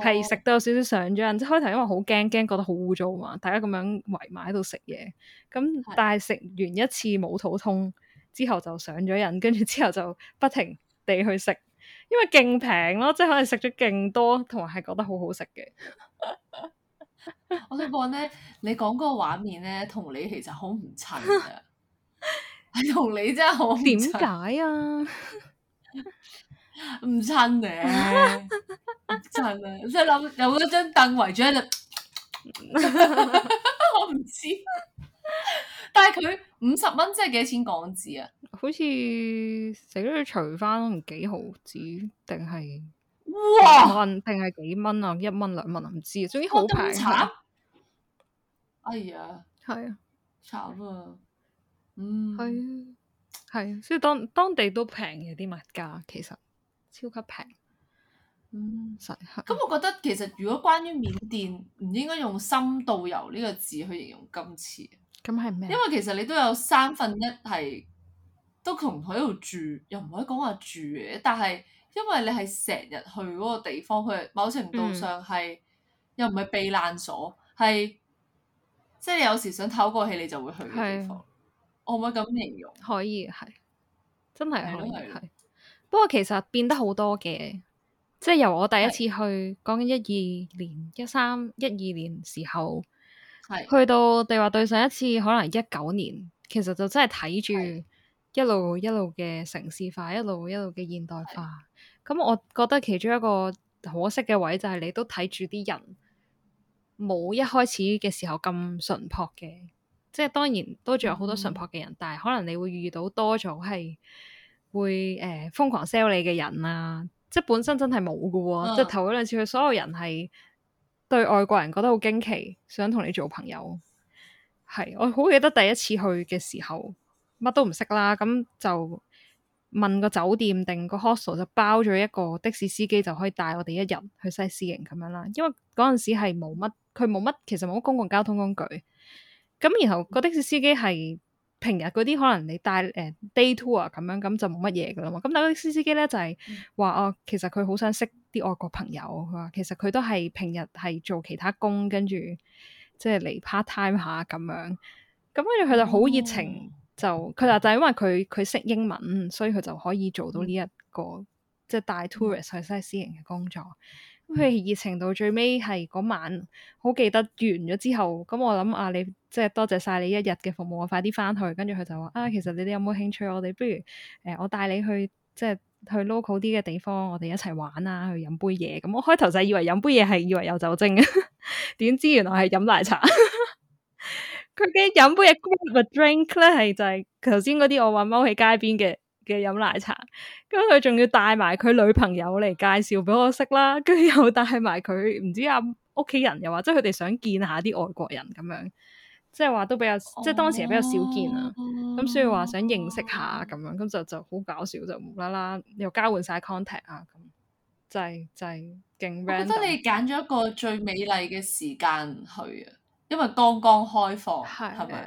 係食到有少少上咗癮，即係、哦、開頭因為好驚驚，覺得好污糟啊嘛，大家咁樣圍埋喺度食嘢。咁的但係食完一次冇肚痛之後就上咗癮，跟住之後就不停地去食，因為勁平咯，即係可能食咗勁多，同埋係覺得好好食嘅。 我想講咧，你講嗰個畫面咧，同你其實好唔襯啊！同 你真係好，點解啊？唔襯咧，唔襯啊！即係諗有嗰張凳，圍住喺度，我唔知。但係佢五十蚊，即係幾多錢港紙啊？ 好似死都除翻，唔幾毫子定係？哇！平係幾蚊啊？一蚊兩蚊啊？唔知啊，總之好平。慘啊、哎呀，係啊，慘啊，嗯，係啊，係啊，所以當當地都平嘅啲物價，其實超級平。嗯，實客！咁、嗯、我覺得其實如果關於緬甸，唔應該用深度遊呢個字去形容今次。咁係咩？因為其實你都有三分一係都同喺度住，又唔可以講話住嘅，但係。因為你係成日去嗰個地方，佢某程度上係、嗯、又唔係避難所，係即係你有時想透個氣你就會去嘅地方。我唔係咁形容，可，可以係真係可以。係是是。不過其實變得好多嘅，即係由我第一次去講緊是一二年、一三、一二年時候，是去到地話對上一次可能一九年，其實就真係睇住一路一路嘅城市化，是一路一路嘅現代化。是咁我覺得其中一個可惜嘅位就係你都睇住啲人冇一開始嘅時候咁純樸嘅，即係當然多住有好多純樸嘅人，嗯、但係可能你會遇到多咗係會誒、呃、瘋狂 sell 你嘅人啦、啊，即係本身真係冇嘅喎，即係頭嗰兩次去所有人係對外國人覺得好驚奇，想同你做朋友。係，我好記得第一次去嘅時候，乜都唔識啦，咁就。問個酒店定個 hostel 就包咗一個的士司機就可以帶我哋一日去 sightseeing 咁樣啦，因為嗰陣時係冇乜，佢冇乜，其實冇乜公共交通工具。咁然後個的士司機係平日嗰啲可能你帶誒、呃、day tour 啊，咁樣，咁就冇乜嘢噶啦嘛。咁但個的士司機咧就係話哦，其實佢好想識啲外國朋友。佢話其實佢都係平日係做其他工，跟住即係嚟 part time 下咁樣。咁跟住佢就好熱情。哦就佢就就係、因為佢佢識英文，所以佢就可以做到呢、這、一個、嗯、即係帶 tourist 去晒私人嘅工作。咁佢熱情到最尾係嗰晚，好記得完咗之後，咁我諗啊，你即係多謝晒你一日嘅服務啊，我快啲翻去。跟住佢就話啊，其實你哋有冇興趣？我哋不如誒、呃，我帶你去即係去 local 啲嘅地方，我哋一齊玩啊，去飲杯嘢。咁、嗯、我開頭就以為飲杯嘢係以為有酒精嘅，點 知原來係飲奶茶。 佢嘅飲杯嘢，cup drink 咧，係就係頭先嗰啲我話踎喺街邊嘅嘅飲奶茶，咁佢仲要帶埋佢女朋友嚟，介紹俾我識啦，跟住又帶埋佢唔知阿屋企人又話，即係佢哋想見下啲外國人咁樣，即係話都比較，即係當時係比較少見啊，咁，oh. oh. oh. 所以話想認識下咁樣，咁就就好搞笑，就無啦啦又交換晒 contact 啊，咁就係就係，我覺得你揀咗一個最美麗嘅時間去啊。因為剛剛開放，係係咪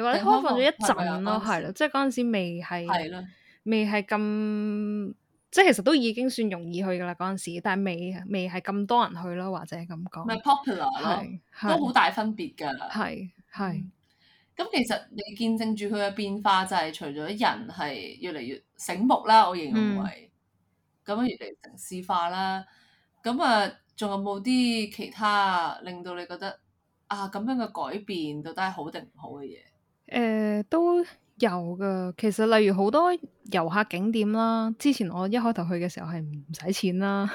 或者開放咗一陣咯，係咯，即係嗰陣時未係的未係咁，即係其實都已經算容易去㗎喇嗰陣時，但係未未係咁多人去咯，或者咁講，唔係 popular 咯，都好大分別㗎喇。係係咁，嗯、其實你見證住佢嘅變化就係除咗人係越嚟越醒目啦，我認為咁樣、嗯、越嚟城市化啦。咁啊，仲有冇啲其他令到你覺得？啊，咁樣嘅改變到底係好定唔好嘅嘢？誒、呃、都有㗎，其實例如好多遊客景點啦，之前我一開頭去嘅時候係唔使錢啦，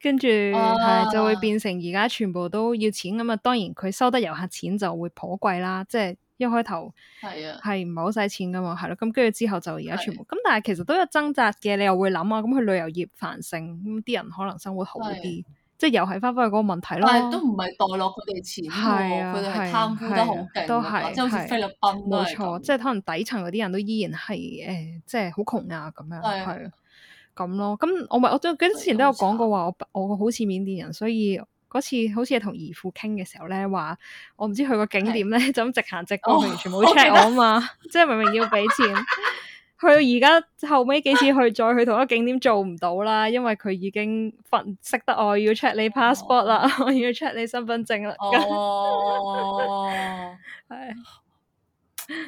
跟住係就會變成而家全部都要錢咁啊。當然佢收得遊客錢就會頗貴啦，即、就、係、是、一開頭係啊，係唔係好使錢㗎嘛？係咯的，咁跟住之後就而家全部咁的、嗯，但係其實都有掙扎嘅，你又會諗啊，咁、嗯、去旅遊業繁盛，咁、嗯、啲人可能生活好啲。即係又係返返去嗰個問題咯，但係、啊、都唔係代落佢哋錢喎，佢哋係貪污得好勁，即係好似菲律賓都係即係可能底層嗰啲人都依然係誒、欸，即係好窮啊咁樣，係咁、啊啊、咯。咁我咪我都幾之前都有講過話，我我好似緬甸人，所以嗰次好似係同姨父傾嘅時候咧，話我唔知去個景點咧，就咁、啊、 直行直過，佢完全冇 check、哦、我啊嘛，即係 明，明明要俾錢。去到而家後尾幾次去，再去同一景點做唔到啦，因為佢已經識得我，要 check 你 passport 啦，我要 check 你、哦、 要你身份證啦。哦，係 的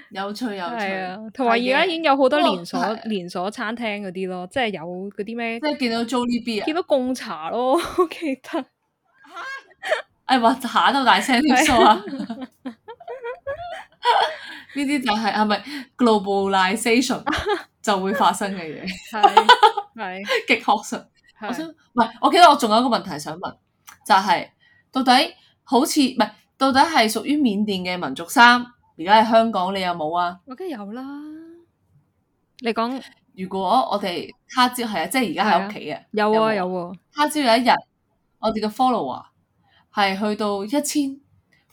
有趣有趣啊！同埋而家已經有好多連鎖、哦、連鎖餐廳嗰啲咯，即係有嗰啲咩，即係見到 Joey B，見到貢茶咯，好記得嚇！ 哎呀，嚇都大聲啲講啊！ 呢啲就係係咪 globalization 就會發生嘅嘢，係 極學術。 我想唔係，我記得我仲有一個問題想問，就係、是、到底好似唔係到底係屬於緬甸嘅民族衫，而家喺香港你有冇啊？我梗得梗係有啦。你講如果我哋他朝係啊，即係而家喺屋企啊，有啊有喎。他朝有一日我哋嘅 follower 係去到一千。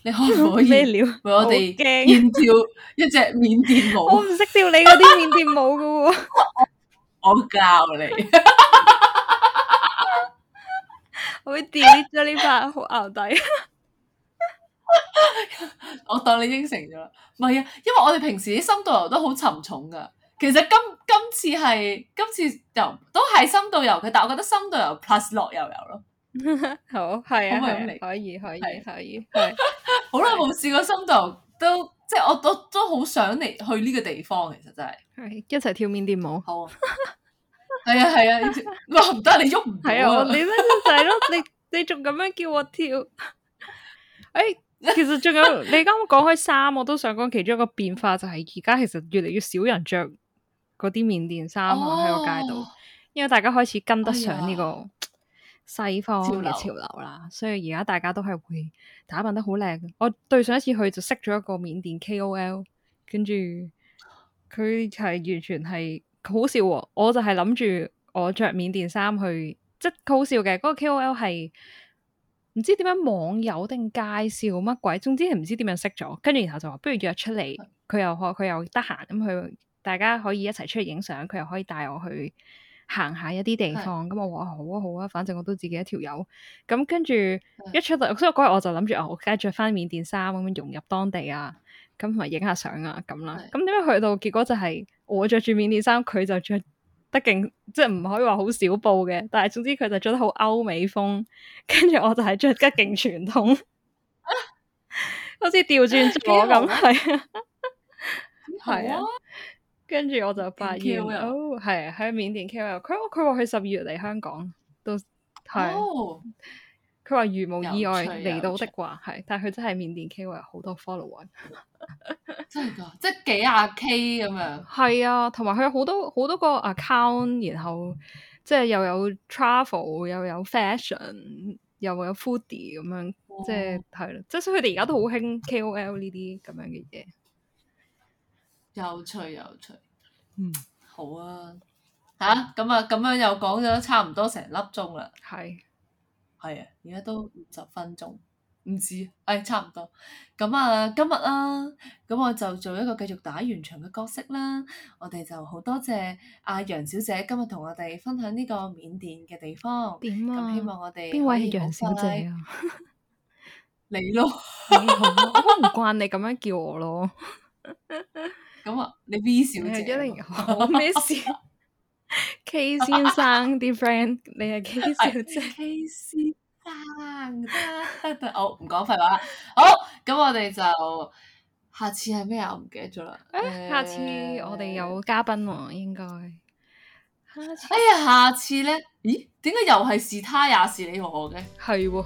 你可唔可以為我哋練跳一隻緬甸舞？我唔識跳你嗰啲緬甸舞㗎喎，我教你。 我會屌咗呢把好牛 底， 我當你應承咗啦。唔係啊，因為我哋平時啲深度遊都好沉重㗎，其實今今次係今次又都係深度遊嘅，但係我覺得深度遊 Plus 落遊遊咯。好，係啊，可以，可以，可以，係好耐冇試過心就都，即係我我都好想嚟去呢個地方，其實真係，一齊跳緬甸舞，好啊，係啊係啊，唔得你喐唔係啊，你咩姿勢咯？你你仲咁樣叫我跳？誒，其實仲有，你啱啱講開衫，我都想講其中一個變化就係，而家其實越嚟越少人着嗰啲緬甸衫喺個街度，因為大家開始跟得上呢個。西方潮流啦，流所以而家大家都係會打扮得好靚。我對上一次去就識咗一個緬甸 KOL，跟住佢係完全係好笑。我就係諗住我着緬甸衫去，即係好笑嘅。嗰個 KOL 係唔知點樣網友定介紹乜鬼，總之係唔知點樣識咗。跟住然後就話不如約出嚟，佢又佢又得閒，咁佢大家可以一齊出嚟影相，佢又可以帶我去。行一啲地方咁，我話好啊好啊，反正我都自己一條友。咁、嗯、跟住一出到，所以嗰日我就諗住，我梗係着翻緬甸衫咁樣融入當地啊，咁同埋影下相啊咁啦。咁點樣去到結果就係我着住緬甸衫，佢就着得勁，即係唔可以話好少布嘅。但係總之佢就着得好歐美風，跟住我就係着得勁傳統，好似調轉咗咁係，係啊。跟住我就發現，哦 KOL？哦，係喺緬甸 KOL，佢佢話佢十二月嚟香港，都係。佢話，oh. 如無意外嚟趣到的話，係趣，但係佢真係緬甸 KOL，好多 follower 真係㗎，即係幾廿 K 咁樣。係 啊，同埋佢有好多好多個 account，然後即係又有 travel，又有 fashion，又有 foodie 咁樣，oh. 即係係咯，即係所以佢哋而家都好興 KOL 呢啲咁樣嘅嘢。有趣，有趣，嗯，好啊，吓咁啊，咁樣又講咗差唔多成粒鐘啦，係，係啊，而家是、啊、都五十分鐘，唔止，誒，差唔多，咁啊，今日啊，咁、啊啊啊啊啊、我就做一個繼續打完場嘅角色啦，我哋就好多謝阿、啊、楊小姐今日同我哋分享呢個緬甸嘅地方，咁呢希望我哋邊位係楊小姐啊？你 來咯，我唔慣你咁樣叫我咯。咁啊，你 V 小姐，一定好咩事？K 先生啲 friend，你係 K 小姐 ，K 先生得、 oh。好，唔講廢話啦。好，咁我哋就下次係咩啊？我唔記得咗啦。下次我哋有嘉賓喎，應該。哎呀，下次咧、哎，咦？點解又係是他也是你和我嘅？係喎、哦。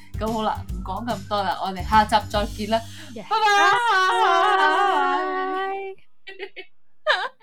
都好啦，唔講咁多啦，我哋下集再見啦，拜拜。